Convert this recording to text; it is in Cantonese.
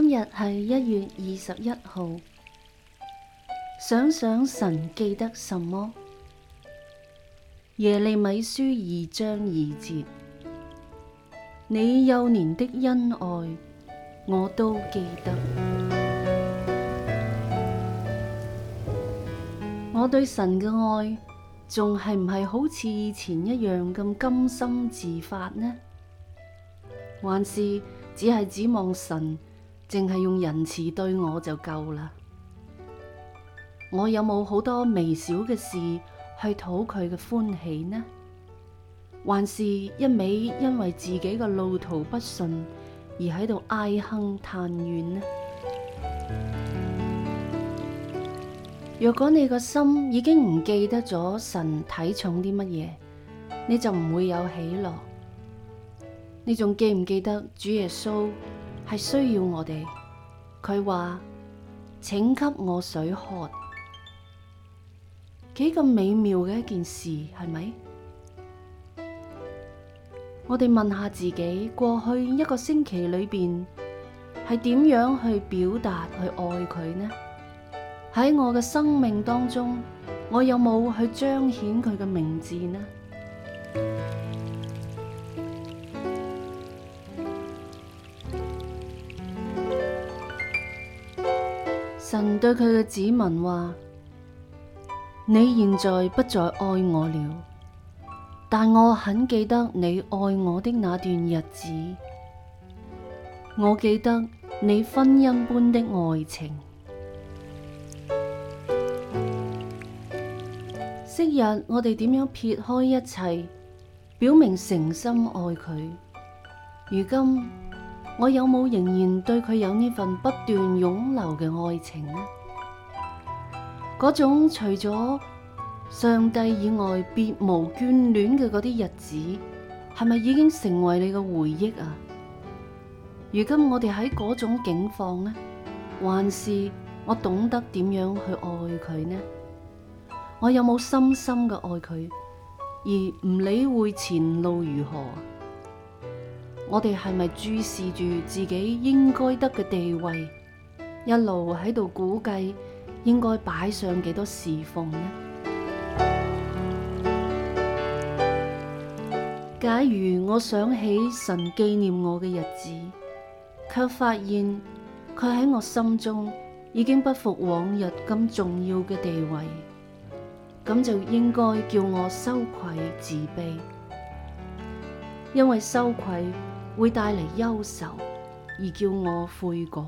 今日係一月二十一號，想想神記得什麼？耶利米書二章二節：你幼年的恩愛，我都記得。我對神嘅愛，仲係唔係好似以前一樣咁甘心自發呢？還是只係指望神？淨係用仁慈對我就夠啦。我有冇好多微小嘅事去討佢嘅歡喜呢？還是一味因為自己嘅路途不順而喺度哀哼嘆怨呢？若果你個心已經唔記得咗神睇重啲乜嘢，你就唔會有喜樂。你仲記唔記得主耶穌？係需要我哋，佢話請給我水喝，幾咁美妙嘅一件事，係咪？我哋問下自己，過去一個星期裏邊係點樣去表達去愛佢呢？喺我嘅生命當中，我有冇去彰顯佢嘅名字呢？神對佢嘅子民話：你現在不再愛我了，但我很記得你愛我的那段日子，我記得你婚姻般的愛情。 昔日我哋點樣撇開一切，表明誠心愛佢，如今。我有冇仍然對佢有呢份不斷湧流嘅愛情呢？嗰種除咗上帝以外別無眷戀嘅嗰啲日子，係咪已經成為你嘅回憶啊？如今我哋喺嗰種境況呢？還是我懂得點樣去愛佢呢？我有冇深深嘅愛佢，而唔理會前路如何？我哋係咪注視住自己應該得嘅地位，一路喺度估計應該擺上幾多侍奉呢？ 假如我想起神紀念我嘅日子，卻發現佢喺我心中已經不復往日咁重要嘅地位，咁就應該叫我羞愧自卑，因為羞愧。會帶嚟憂愁，而叫我悔改。